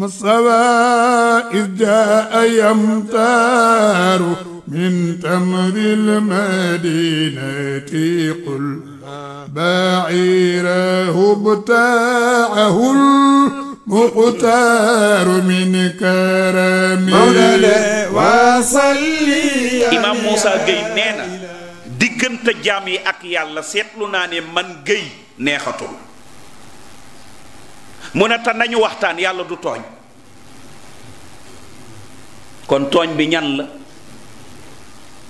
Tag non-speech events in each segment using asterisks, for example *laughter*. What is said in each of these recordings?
مصطفى إذ جاء يمطار من تمر المدينة قل بعيره بتاعه المختار من كرم وصلي إمام موسى Gueye nee na diggante jaam yi ak yàlla seetlu naa ne man Gueye neexatul mu ne te nañu waxtaan yàlla du tooñ kon tooñ bi ñan la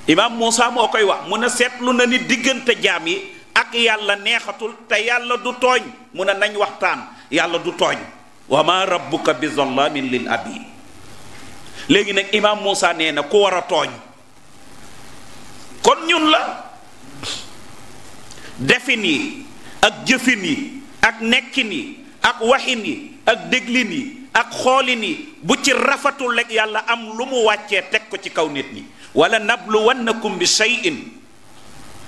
imaam Moussa moo koy wax mu ne seetlu na nit diggante jaam yi ak yàlla neexatul te yàlla du tooñ mu ne nañ waxtaan yàlla du tooñ wa ma rabbuka bi zallamin lil abid léegi nag imaam Moussa nee na ku war a tooñ kon ñun la defin yi ak jëfin yi ak nekkin yi ak waxin yi ak déglin yi ak xoolin yi bu ci rafatul rek yàlla am lu mu wàccee teg ko ci kaw nit ñi wala nabluwannakum bi shay'in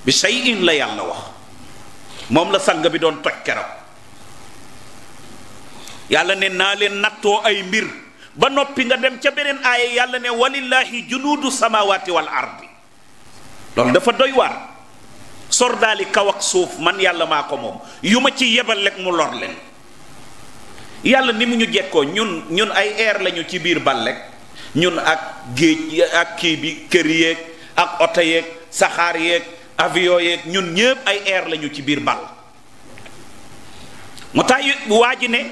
bi shay'in la yàlla wax moom la sang bi doon toj keroog yàlla ne naa leen nattoo ay mbir ba noppi nga dem ca beneen aaya yàlla ne walillahi junuudu samawati wal ardi loolu dafa doy waar sordaali kaw ak suuf man yàlla maa ko moom yu ma ci yebal rek mu lor leen yàlla ni mu ñu jekkoo ñun ñun ay air lañu ci biir bal rek ñun ak géej ak kii bi kër yeeg ak oto yeeg saxaar yeeg avion yeeg ñun ñëpp ay air lañu ci biir bal mu tax waa ji ne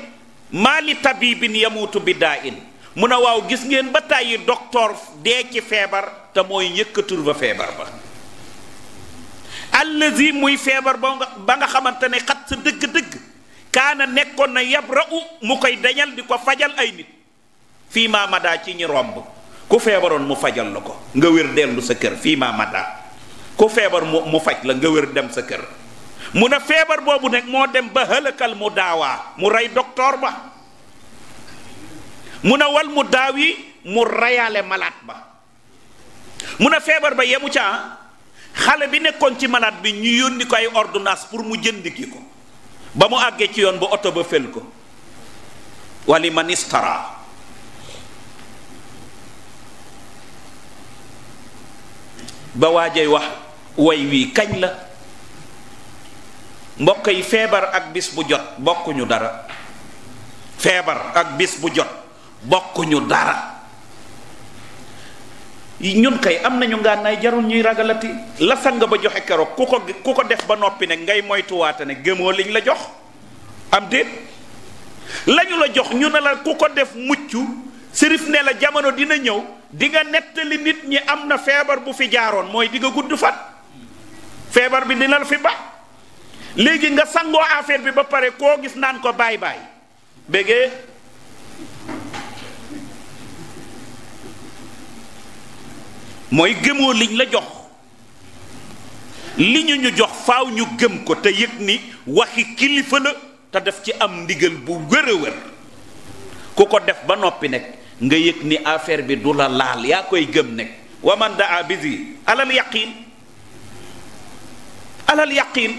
maali tabibin yamutu bi daa in mu waaw gis ngeen ba tàyyi doktoor dee ci feebar te mooy yëkkatur ba feebar ba allazi muy feebar ba nga ba nga xamante ne xat sa dëgg-dëgg kaana nekkoon na raxu mu koy dañal di ko fajal ay nit fii maa madaa ci ñi romb ku feebaroon mu fajal la ko nga wér dellu sa kër fii maa madaa ku feebar mu faj la nga wér dem sa kër mu ne feebar boobu nag moo dem ba hëlëkal mu daawaa mu rey docteur ba mu ne wal mu daaw yi mu reyaale malaat ba mu ne feebar ba yemu ca xale bi nekkoon ci malaat bi ñu yónni ko ay ordonnance pour mu jënd ki ko ba mu àggee ci yoon bu oto ba fel ko wali manistara ba waajay wax woy wii kañ la mbokk yi feebar ak bis bu jot bokkuñu dara feebar ak bis bu jot bokkuñu dara ñun kay am nañu ngànnaay jarul ñuy ragalati la sang ba joxe keroog ku ko ku ko def ba noppi ne ngay moytuwaate ne gëmoo liñ la jox am déet lañu la jox ñu ne la ku ko def mucc sërif ne la jamono dina ñëw dinga nettali nit ñi am na feebar bu fi jaaroon mooy di nga gudd fan feebar bi dina la fi ba léegi nga sangoo affaire bi ba pare koo gis naan ko baay baay bégee mooy gëmoo liñ la jox li ñu ñu jox faw ñu gëm ko te yëg ni waxi kilifa la te def ci am ndigal bu wér a ku ko def ba noppi nag nga yëg ni affaire bi du la laal yaa koy gëm nag wa man daa alal yaqin alal yaqin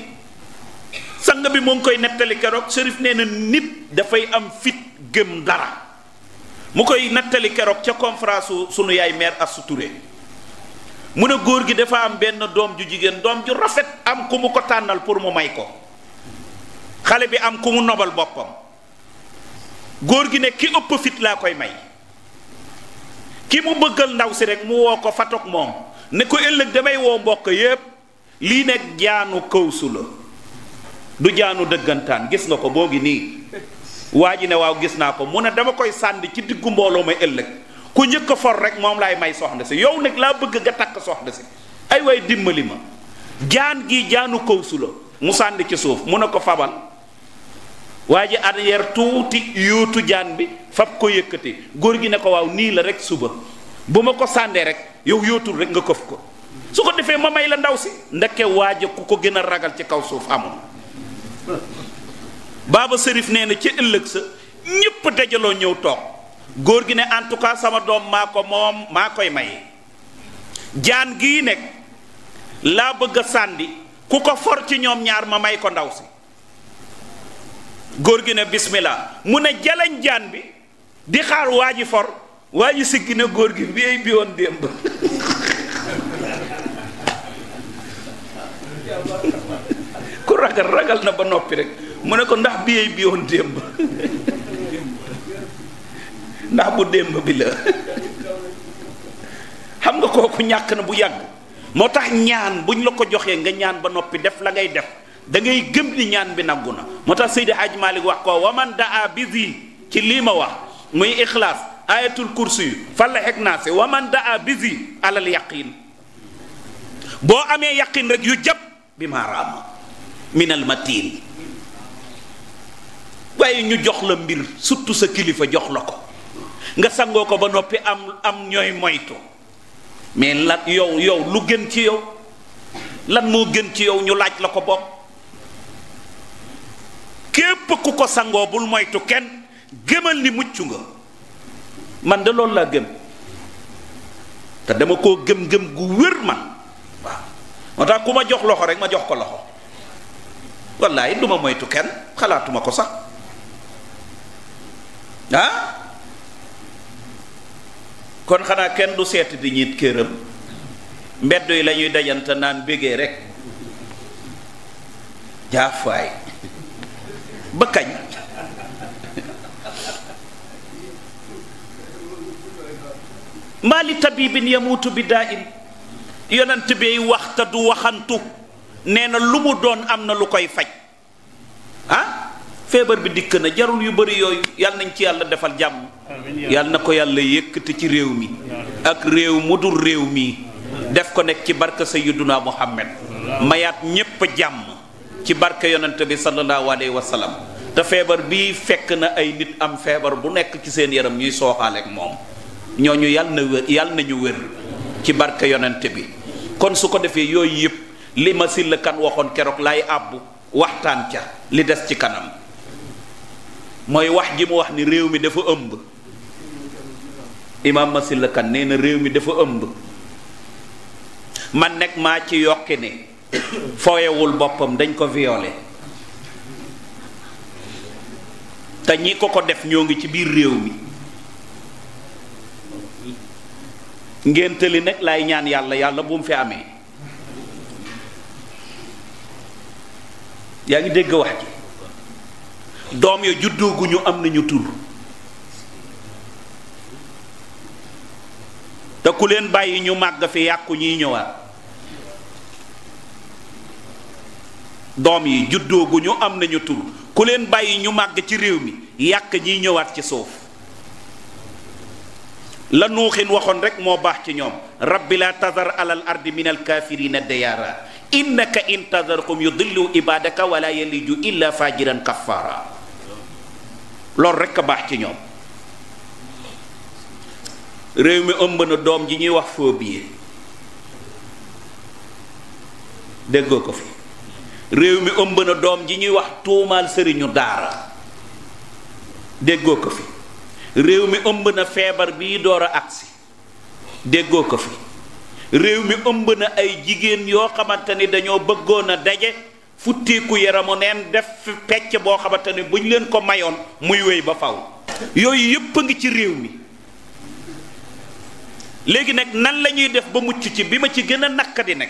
sang bi moo ngi koy nettali keroog sërif nee na nit dafay am fit gëm dara mu koy nettali keroog ca conférence sunu yaay mère Astou mu ne góor gi dafa am benn doom ju jigéen doom ju rafet am ku mu ko tànnal pour mu may ko xale bi am ku mu nobal boppam góor gi ne ki ëpp fit laa koy may ki mu bëggal ndaw si rek mu woo ko fatoog moom ne ko ëllëg damay woo mbokk yépp lii nekk jaanu këwsu sula du jaanu dëggantaan gis nga ko boo ngi nii waa ji ne waaw gis naa ko mu ne dama koy sànni ci diggu mbooloo may ëllëg ku njëkk for rek moom laay may soxna si yow nag laa bëgg nga takk soxna si ay waay dimbali ma jaan gi jaanu kawsu la mu sànni ci suuf mu ne ko fabal waa ji arrière tuuti yuutu jaan bi fab ko yëkkati góor gi ne ko waaw nii la rek suba bu ma ko sàndee rek yow yóotul rek nga këf ko su ko defee ma may la ndaw si ndeke ja ku ko gën a ragal ci kaw suuf amul baaba sërif nee na ci ëllëg sa ñépp dajaloo ñëw toog góor gi ne en tout cas sama doom maa ko moom maa koy maye jaan gii nekk laa bëgg a sàndi ku ko for ci ñoom ñaar ma may ko ndaw si góor gi ne bismillah mu ne jalañ jaan bi di xaar waa ji for waa ji siggi ne góor gi bi ay bi démb *laughs* ku ragal ragal na ba noppi rek mu ne ko ndax bi ay bi démb *laughs* ndax bu démb bi la xam nga kooku ñàkk na bu yàgg moo tax ñaan buñ la ko joxee nga ñaan ba noppi def la ngay def dangay gëm ni ñaan bi naggu na moo tax Seydi Hadj Malick wax ko waman daa ci lii ma wax muy ixlaas ayatul kursi yu falla xeg naa si waman daa alal yaqin boo amee yaqin rek yu jab bi maaraama minal matin waaye ñu jox la mbir surtout sa kilifa jox la ko nga sangoo ko ba noppi am am ñooy moytu mais lan yow yow lu gën ci yow lan moo gën ci yow ñu laaj la ko bopp képp ku ko sangoo bul moytu kenn gëmal ni mucc nga man de loolu laa gëm te dama koo gëm-gëm gu wér man waaw moo tax ku ma jox loxo rek ma jox ko loxo wallaay du ma moytu kenn xalaatuma ko sax ah? kon xanaa kenn du seet di ñit këram mbedd yi la ñuy dajante naan bégee rek jaafaay ba kañ maali tabibin yamuutu bi daa in yonent bi wax te du waxantu nee na lu mu doon am na lu koy faj feebar bi dikk na jarul yu bari yooyu yàlla nañ ci yàlla defal jàmm yàlla na ko yàlla yëkkati ci réew mi ak réew mu dul réew mi def ko nekk ci barke sayyiduna Muhammad mayaat ñépp jàmm ci barke yonent bi sallallahu alayhi wa sallam te feebar bi fekk na ay nit am feebar bu nekk ci seen yaram ñuy sooxaaleek moom ñooñu yàlla na wér yàlla nañu wér ci barke yonent bi kon su ko defee yooyu yëpp li ma silla kan waxoon keroog lay àbbu waxtaan ca li des ci kanam mooy wax ji mu wax ni réew mi dafa ëmb imaam Masila Kan nee na réew mi dafa ëmb man nekk maa ci yokki ne fooyewul boppam dañ ko violé te ñi ko ko def ñoo ngi ci biir réew mi ngénte li nag lay ñaan yàlla yàlla bu mu fi amee yaa ngi dégg wax ji doom ya juddooguñu am ñu ñuy ñëwaat doom yi juddooguñu am nañu tur ku leen bàyyi ñu màgg ci réew mi yàq ñiy ñëwaat ci suuf la nuuxin waxoon rek moo baax ci ñoom rabbi laa tadar alal ardi min alkaafirina dayaara innaka in tadarhum yudillu ibadaka wala yaliju illa fajiran kaffara loolu rekk a baax ci ñoom réew mi ëmb na doom ji ñuy wax yi déggoo ko fi réew mi ëmb na doom ji ñuy wax tuumaal sëriñu daara déggoo ko fi réew mi ëmb na feebar bii door a agsi déggoo ko fi réew mi ëmb na ay jigéen yoo xamante ni dañoo bëggoon a daje futteeku yaramu neen def fi pecc boo xamante ne buñ leen ko mayoon muy wéy ba faw yooyu yépp a ngi ci réew mi léegi nag nan lañuy def ba mucc ci bi ma ci gën a naqadi nag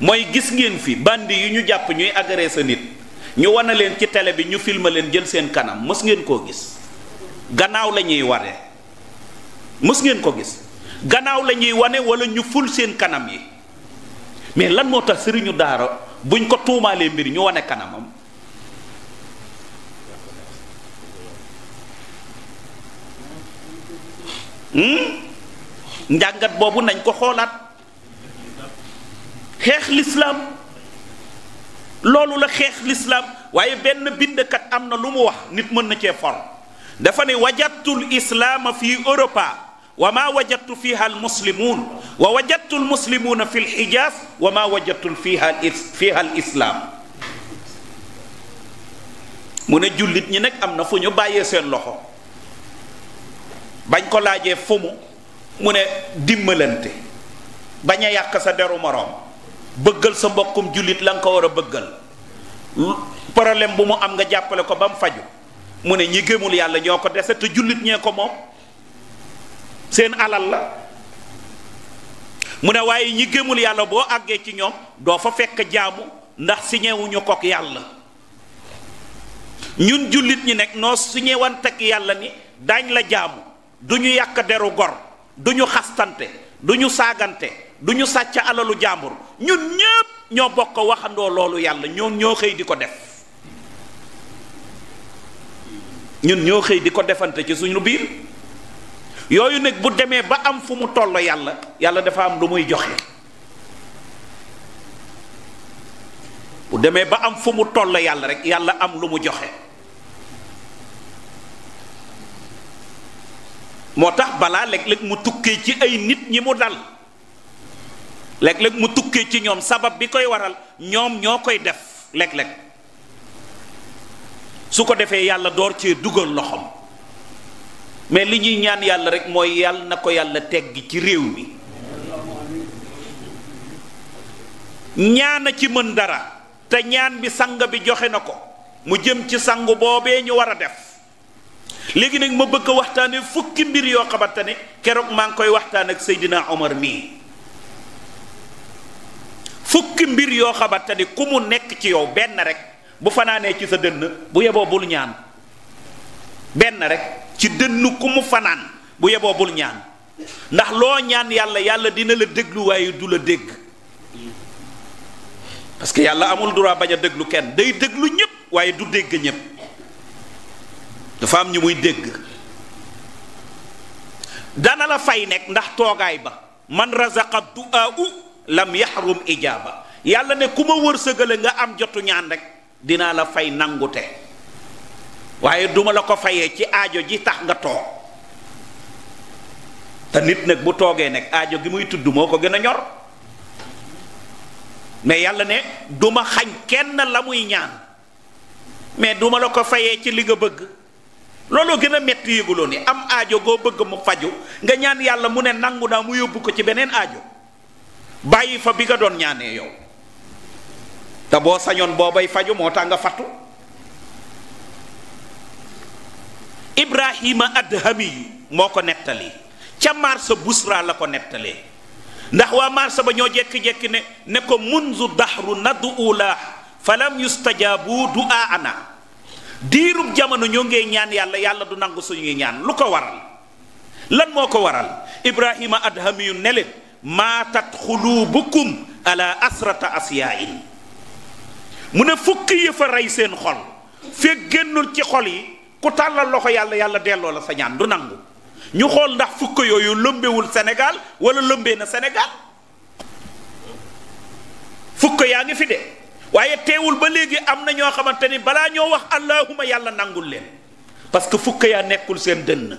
mooy gis ngeen fi bandi yu ñu jàpp ñuy agressé sa nit ñu wana leen ci tele bi ñu filma leen jël seen kanam mës ngeen koo gis gannaaw la ñuy wane mës ngeen ko gis gannaaw lañuy wane wala ñu ful seen kanam yi mais lan moo tax sëriñu daaro buñ ko tuumaalee mbir ñu wane kanamam hmm? njàngat boobu nañ ko xoolaat xeex lislaam loolu la xeex lislaam waaye benn bindkat am na lu mu wax nit mën na cee for dafa ne wajattul islaama fi Europa wa wajatu wajadtu fiha almuslimun wa wajadtu almuslimuna fi lxijaaz wa maa wajadtu fiha fiha islaam mu ne jullit ñi nag am na fu ñu bàyyee seen loxo bañ ko laajee fu mu mu ne dimbalante bañ a yàq sa deru moroom bëggal sa mbokkum jullit la ko war a bëggal problème bu mu am nga jàppale ko ba mu faju mu ne ñi gëmul yàlla ñoo ko dese te jullit ñee ko moom seen alal la mu ne waaye ñi gëmul yàlla boo àggee ci ñoom doo fa fekk jaamu ndax siñewuñu kook yàlla ñun jullit ñi nekk noo siñewante ak yàlla ni daañ la jaamu du ñu yàq deru gor du ñu xastante du ñu saagante du ñu sàcc alalu jàmbur ñun ñépp ñoo bokk waxandoo loolu yàlla ñoom ñoo xëy di ko def ñun ñoo xëy di ko defante ci suñu biir yooyu nag bu demee ba am fu mu toll yàlla yàlla dafa am lu muy joxe bu demee ba am fu mu toll yàlla rek yàlla am lu mu joxe moo tax balaa léeg-léeg mu tukkee ci ay nit ñi mu dal léeg-léeg mu tukkee ci ñoom sabab bi koy waral ñoom ñoo koy def léeg-léeg su ko defee yàlla door cee dugal loxoom mais li ñuy ñaan yàlla rek mooy yàlla na ko yàlla teggi ci réew mi ñaana ci mën dara te ñaan bi sang bi joxe na ko mu jëm ci sang boobee ñu war a def léegi nag ma bëkk waxtaane fukki mbir yoo xamante ne keroog maa ngi koy waxtaan ak Seydina Omar mii fukki mbir yoo xamante ne ku mu nekk ci yow benn rek bu fanaanee ci sa dënn bu yeboo bul ñaan benn rek ci dënn ku mu fanaan bu yeboo bul ñaan ndax loo ñaan yàlla yàlla dina la déglu waaye du la dégg parce que yàlla amul duraa bañ a déglu kenn day déglu ñëpp waaye du dégg ñépp dafa am ñu muy dégg dana la fay nekk ndax toogaay ba man razaqa du'aa'u lam yahrum ijaaba yàlla ne ku ma wërsëgale nga am jotu ñaan rek dinaa la fay nangute waaye duma la ko fayee ci aajo ji tax nga toog te nit nag bu toogee nag aajo gi muy tudd moo ko gën a ñor mais yàlla ne duma xañ kenn la muy ñaan mais duma la ko fayee ci li nga bëgg loolu gën a metti yëguloo ni am ajo goo bëgg mu faju nga ñaan yàlla mu ne nangu naa mu yóbbu ko ci beneen aajo bàyyi fa bi nga doon ñaanee yow te boo sañoon boobay faju moo tax nga fattu ibrahima adhami yu moo ko nettali ca marsa busra la ko nettalee ndax waa marsa ba ñoo jekki-jekki ne ne ko munzu dahru nadu la falam yustajabu du aana diirub jamono ñoo ngee ñaan yàlla yàlla du nangu suñuy ñaan lu ko waral lan moo ko waral ibrahima adhami yu ne maatat xulubukum ala asrata asiyaain mu ne fukki yëfa rey seen xol fekk génnul ci xol yi ku tàllal loxo yàlla yàlla delloo la sa ñaan du nangu ñu xool ndax fukk yooyu lëmbewul Sénégal wala lëmbee na senegaal fukk yaa ngi fi de waaye teewul ba léegi am na ñoo xamante ni balaa ñoo wax allahuma yàlla nangul leen parce que fukk yaa nekkul seen dënn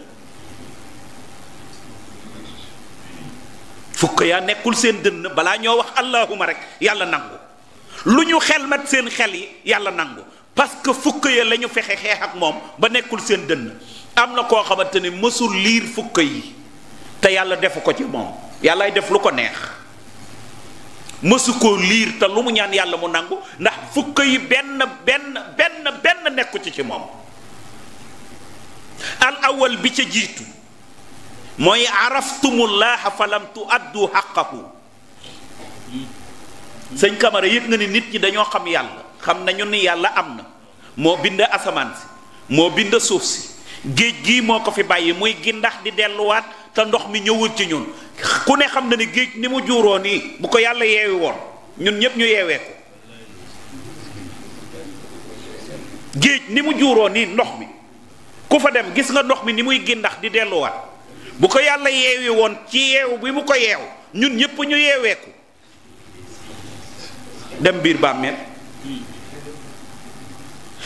fukk yaa nekkul seen dënn balaa ñoo wax allahuma rek yàlla nangu lu ñu xel mat seen xel yi yàlla nangu parce que fukk ya lañu ñu fexe xeex ak moom ba nekkul seen dënn am na koo xamante ne mësul liir fukk yi te yàlla defu ko ci moom yàllaay def lu ko neex mësu koo liir te lu mu ñaan yàlla mu nangu ndax fukk yi benn benn benn benn nekku ci moom al awal bi ca jiitu mooy araftumullaha falam tu addu xaqahu sëñ Kamara yëg nga ni nit ñi dañoo xam yàlla xam nañu ni yàlla am na moo bind asamaan si moo bind suuf si géej gii moo ko fi bàyyi muy gindax di delluwaat te ndox mi ñëwul ci ñun ku ne xam na ni géej ni mu juuroo nii bu ko yàlla yeewi woon ñun ñëpp ñu yeewee géej ni mu juuroo nii ndox mi ku fa dem gis nga ndox mi ni muy gindax di delluwaat bu ko yàlla yeewi woon ci yeew bi mu ko yeew ñun ñëpp ñu yeewee dem biir bàmmeel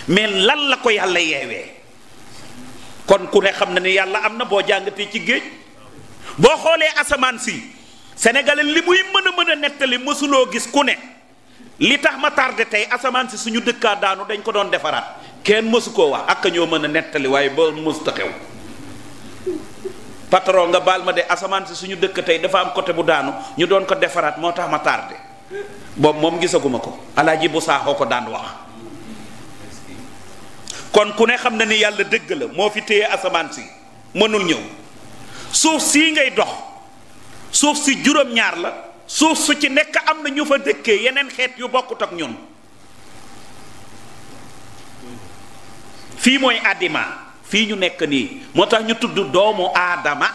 mais lan la ko yàlla yeewee kon ku ne xam na ni yàlla am na boo jàngatee ci géej boo xoolee asamaan si sénégalais li muy mën a mën a nettali mësuloo gis ku ne li tax ma tardé tey asamaan si suñu dëkkaa daanu dañ ko doon defaraat kenn mësu koo wax ak ñoo mën a nettali waaye ba mës ta xew patron nga baal ma de asamaan si suñu dëkk tey dafa am côté bu daanu ñu doon ko defaraat moo tax ma tardé boobu moom gisaguma ko alaaji bu saaxoo ko daan wax kon ku ne xam na ni yàlla dëgg la moo fi téye asamaan si mënul ñëw suuf si ngay dox suuf si juróom-ñaar la suuf su ci nekk am na ñu fa dëkkee yeneen xeet yu bokkut ak ñun fii mooy addima fii ñu nekk nii moo tax ñu tudd doomu aadama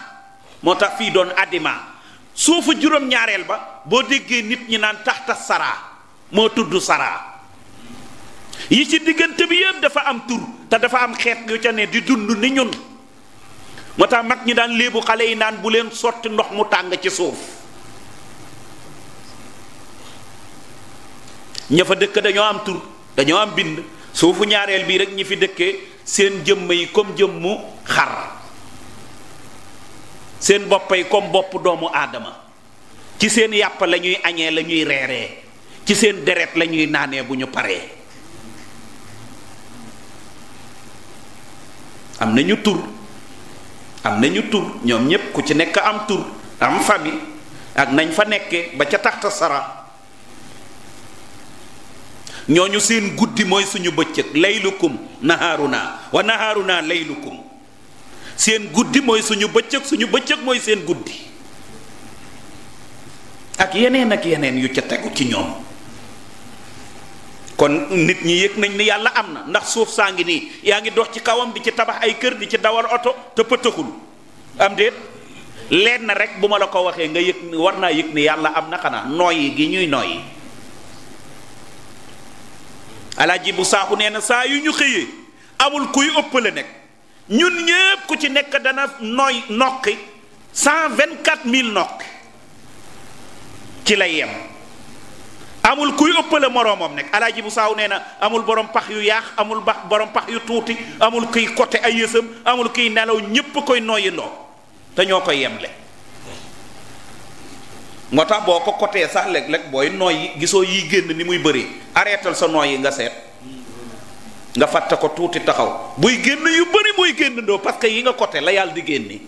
moo tax fii doon àddimaa suufu juróom-ñaareel ba boo déggee nit ñi naan tax tas saraa moo tudd saraa yi ci diggante bi yëpp dafa am tur te dafa am xeet yu ca ne di dund ni ñun moo tax mag ñi daan léebu xale yi naan bu leen sotti ndox mu tàng ci suuf ña fa dëkk dañoo am tur dañoo am bind suufu ñaareel bii rek ñi fi dëkkee seen jëmm yi comme jëmmu xar seen boppay comme bopp doomu aadama ci seen yàpp lañuy ñuy añee la ñuy ci seen deret lañuy naanee bu ñu paree am nañu tur am nañu tur ñoom ñépp ku ci nekk am tur am famille ak nañ fa nekkee ba ca taxta sara ñooñu seen guddi mooy suñu bëccëg laylukum nahaaruna wa nahaaruna laylukum seen guddi mooy suñu bëccëg suñu bëccëg mooy seen guddi ak yeneen ak yeneen yu ca tegu ci ñoom kon nit ñi yëg nañ ni yàlla am na ndax suuf saa ngi nii yaa ngi dox ci kawam di ci tabax ay kër di ci dawal oto te pëtëxul am déet leen na rek bu ma la ko waxee nga yëg war naa yëg ni yàlla am na xanaa nooyi gi ñuy nooyi alaaji bu saaxu nee na saa yu ñu xëyee amul kuy ëppale nekk ñun ñëpp ku ci nekk dana nooy noqi cent vingt quatre mille noqi ci lay yem amul kuy ëppale moroomam nekk alaaji bu saaw nee na amul borom pax yu yaax amul ba borom pax yu tuuti amul kiy côté ay yësam amul kiy nelaw ñépp koy nooyandoo te ñoo koy yemle moo tax boo ko côté sax léeg-léeg booy nooy gisoo yiy génn ni muy bëri arrêtal sa nooy yi nga seet nga fàtte ko tuuti taxaw buy génn yu bëri mooy génn ndoo parce que yi nga côté la yàlla di génne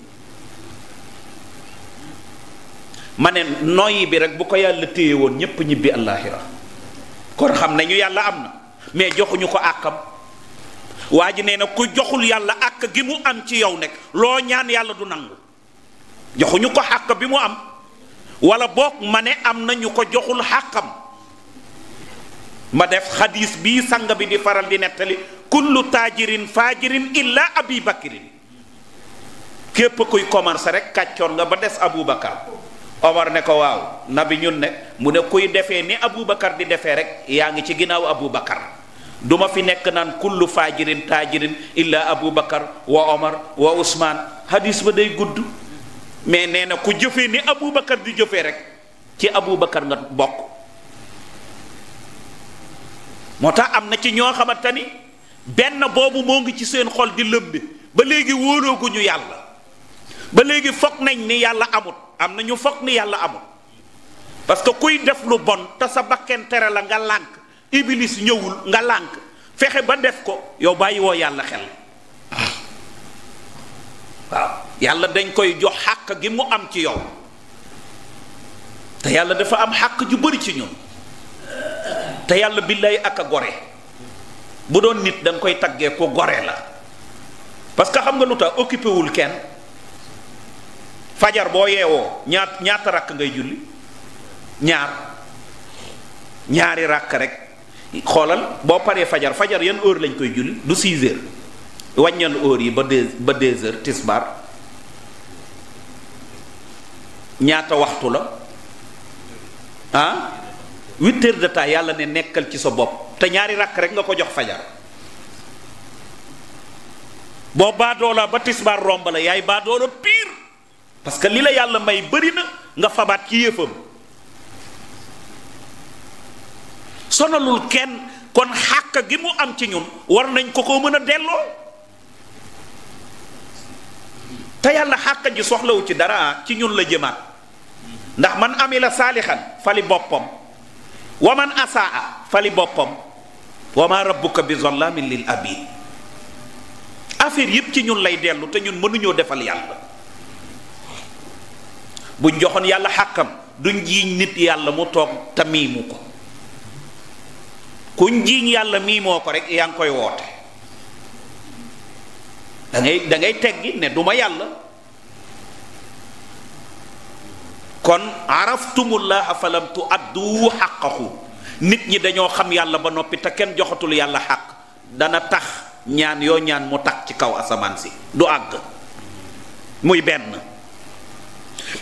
ma ne noyyi bi rek bu ko yàlla téye woon ñépp ñibbi àllaaxira kon xam nañu yàlla am na mais joxuñu ko àkkam waa ji nee nag ku joxul yàlla àkk gi mu am ci yow nekk loo ñaan yàlla du nangu joxuñu ko àkk bi mu am wala boog ma ne am na ñu ko joxul àkkam ma def xadiis bi sang bi di faral di nettali kullu taajirin faajirin illa abi bakrin képp kuy commencé rek kàccoor nga ba des aboubacar omar ne ko waaw nabi ñun ne mu ne kuy defee ni aboubacar di defee rek yaa ngi ci ginnaaw aboubacar du ma fi nekk naan kullu faajirin taajirin illa aboubacar wa omar wa ousmane hadis ba dey gudd mais nee na ku jëfee ni aboubacar di jëfee rek ci aboubacar nga bokk moo tax am na ci ñoo xamante ni benn boobu moo ngi ci seen xol di lëmbe ba léegi wóolooguñu yàlla ba léegi foog nañ ni yàlla amut am na ñu foog ni yàlla amut parce que kuy def lu bon te sa bakken tere la nga lànk iblis ñëwul nga lànk fexe ba def ko yow bàyyi woo yàlla xel waaw yàlla dañ koy jox xàq gi mu am ci yow te yàlla dafa am xàq ju bari ci ñun te yàlla billaay ak a gore bu doon nit da koy taggee ko gore la parce que xam nga lu tax occupé wul kenn fajar boo yeewoo ñaat ñaata ràkk ngay julli ñaar ñaari rakk rek xoolal boo paree fajar fajar yan heure lañ koy julli du 6 heures wàññal heure yi ba deux ba deux heures tisbaar ñaata waxtu la huit heures yàlla ne nekkal ci sa bopp te ñaari rakk rek nga ko jox fajar boo baadoola ba tisbaar romb la yaay baadoola pire parce que li la yàlla may bëri na nga fabaat ci yëfam sonalul kenn kon xàq gi mu am ci ñun war nañ ko ko mën a delloo te yàlla xàq ji soxlawu ci dara ci ñun la jëmaat ndax man la saalixan fali boppam waman man asaa fali boppam wa ma rabbuka bi zallamin lil abid affaire yépp ci ñun lay dellu te ñun mënuñoo defal yàlla bu joxoon yàlla xàkkam du jiiñ nit yàlla mu toog te miimu ko kuñ jiiñ yàlla miimoo ko rek yaa ngi koy woote da dangay da teggi ne duma yàlla kon araftumullaha falam tu addu xaqahu nit ñi dañoo xam yàlla ba noppi te kenn joxatul yàlla xaq dana tax ñaan yoo ñaan mu takk ci kaw asamaan si du àgg muy benn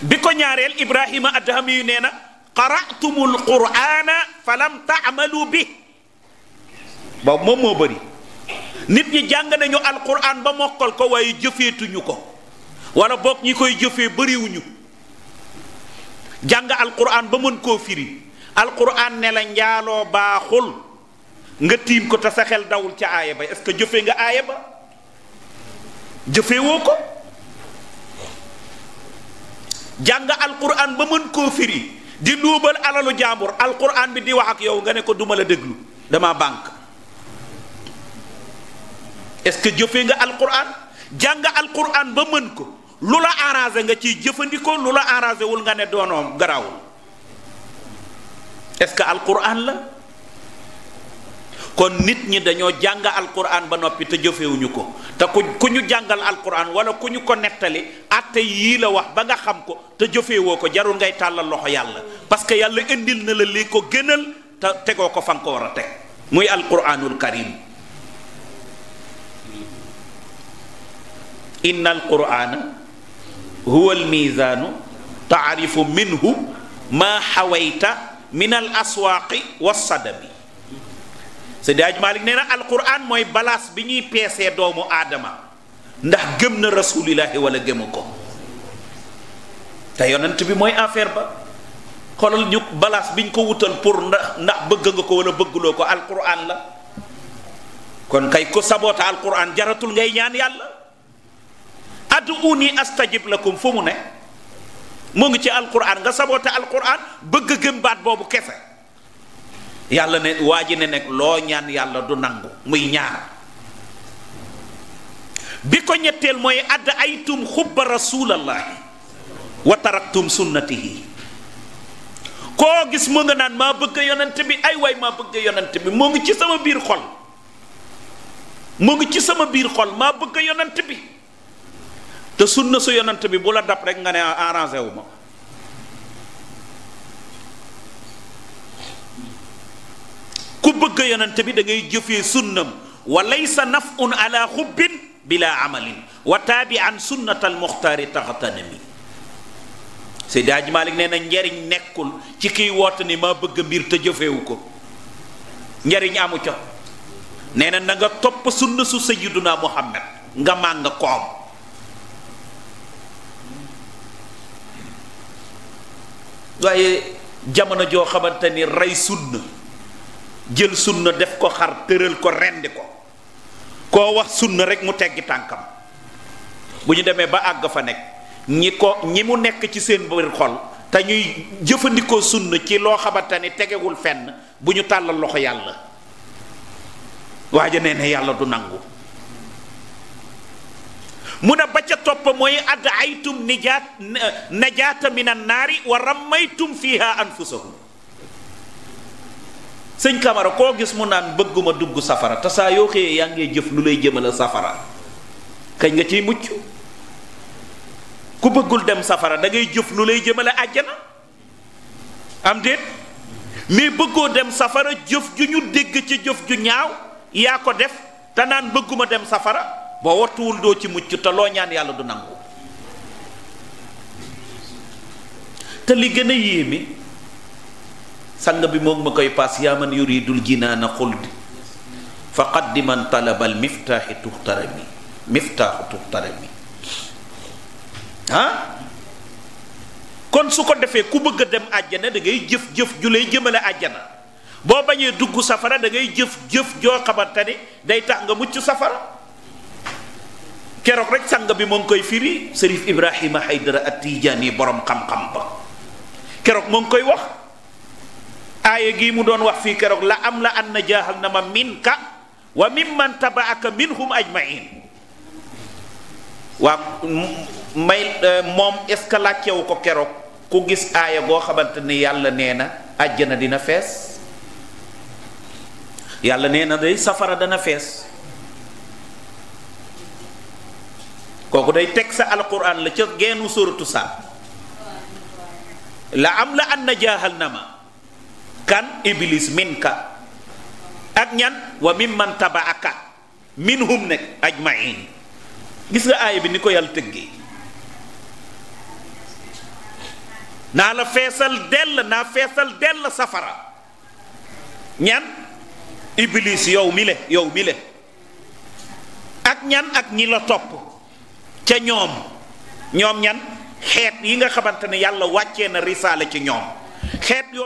bi ko ñaareel ibrahima adhami yu nee na qaratumul qur'ana falam taamalu bi boobu moom moo bëri nit ñi jàng nañu alquran ba mokkal ko waaye jëfeetuñu ko wala boog ñi koy jëfee bariwuñu jàng alquran ba mën koo firi alquran ne la njaaloo baaxul nga tiim ko te sa xel dawul ca aaya ba est-ce que jëfe nga aaya ba jëfewoo ko jàng alquran ba mën koo firi di luubal alalu jaambur alquran bi di wax ak yow nga ne ko duma la déglu dama bànk est-ce que jëfe nga alquran jàng alquran ba mën ko lu la arrangé nga ciy jëfandikoo lu la arrangé wul nga ne doonoom garaawul est-ce que alquran la kon nit ñi dañoo jàng alquran ba noppi te jëfewuñu ko te ku ku ñu jàngal alquran wala ku ñu ko nettali atte yii la wax ba nga xam ko te jëfewoo ko jarul ngay tàllal loxo yàlla parce que yàlla indil na la li ko gënal te tegoo ko fa nga ko war a teg muy alquranul karim inna alqurana huwa almiizaanu taarifu minhu maa xawayta min al aswaaqi wassadami Seydi Aj Malik nee na alquran mooy balaas bi ñuy peesee doomu aadama ndax gëm na rasulillahi wala gëmu ko te yonent bi mooy affaire ba xoolal ñu balaas biñ ko wutal pour ndax ndax bëgg nga ko wala bëgguloo ko alquran la kon kay ko saboota alquran jaratul ngay ñaan yàlla ad'uni astajib lakum fu mu ne mu ngi ci alquran nga saboote alquran bëgg gëm baat boobu kese yàlla ne waa ji ne nekk loo ñaan yàlla du nangu muy ñaar bi ko ñetteel mooy add aytum xubba rasulallahi wa taraktum yi koo gis mu nga naan maa bëgg yonent bi ay waay maa bëgg yonent bi mu ngi ci sama biir xol mu ngi ci sama biir xol maa bëgg yonent bi te sunna su yonant bi bu la dab rek nga ne arrangé wu ma ku bëgg yonant bi dangay jëfe jëfee sunnam wa laysa nafun ala xubbin bila amalin wa taabi an sunnatal muxtaari taxtanami nee na njariñ nekkul ci kiy woote ni bëgg mbir te jëfewu ko njariñ amu nee na na nga topp sunna su sayyiduna Muhammad nga màng koom waaye jamono joo xamante ni rey sunna jël sunna def ko xar tëral ko rendi ko koo wax sunna rek mu teggi tànkam bu ñu demee ba àgg fa nekk ñi ko ñi mu nekk ci seen biir xol te ñuy jëfandikoo sunna ci loo xamante ni tegewul fenn bu ñu tàllal loxo yàlla waaja nee na yàlla du nangu mu ne ba ca topp mooy ad aytum nijaat najaata min an naari wa rammaytum fiha anfusakum sëñ Camara koo gis mu naan bëgguma dugg safara te saa yoo xëyee yaa ngee jëf lu lay jëmale safara kañ nga ciy mucc ku bëggul dem safara dangay ngay jëf lu lay jëmale àjjana am déet mais bëggoo dem safara jëf ju ñu dégg ci jëf ju ñaaw yaa ko def te naan bëgguma dem safara boo wattuwul doo ci mucc te loo ñaan yàlla du nangu te li gën a yéeme sang bi moom ma koy paas yaa man yuridul jinaana xuld faqad di man talabal miftaaxi tuxtarami miftaaxu tuxtarami ah kon su ko defee ku bëgg a dem àjjana da ngay jëf jëf ju lay jëmale àjjana boo bañee dugg safara da ngay jëf jëf joo xamante ni day tax nga mucc safara keroog rek sang bi moo ngi koy firi Serif Ibrahima Haydara At-Tijaani borom xam-xam ba keroog moo koy wax aaya gii mu doon wax fii keroog la am la am na jaaxal na ma minka wa man tabaaka minhum ajmain waa may moom est-ce que laajtewu ko keroog ku gis aaya boo xamante ni yàlla nee na àjjana dina fees yàlla nee na de safara dana fees kooku day teg sa alquran la ca geenu suratu saab la am la an na jaaxal na ma kan iblis min ak ñan wa min man tabaaka min hum nekk ajmain gis nga aaya bi ni ko yàlla tëggee naa la feesal dell naa feesal dell safara ñan iblis yow mi le yow mi le ak ñan ak ñi la topp ca ñoom ñoom ñan xeet yi nga xamante ne yàlla wàcce na risaale ci ñoom xeet yooyu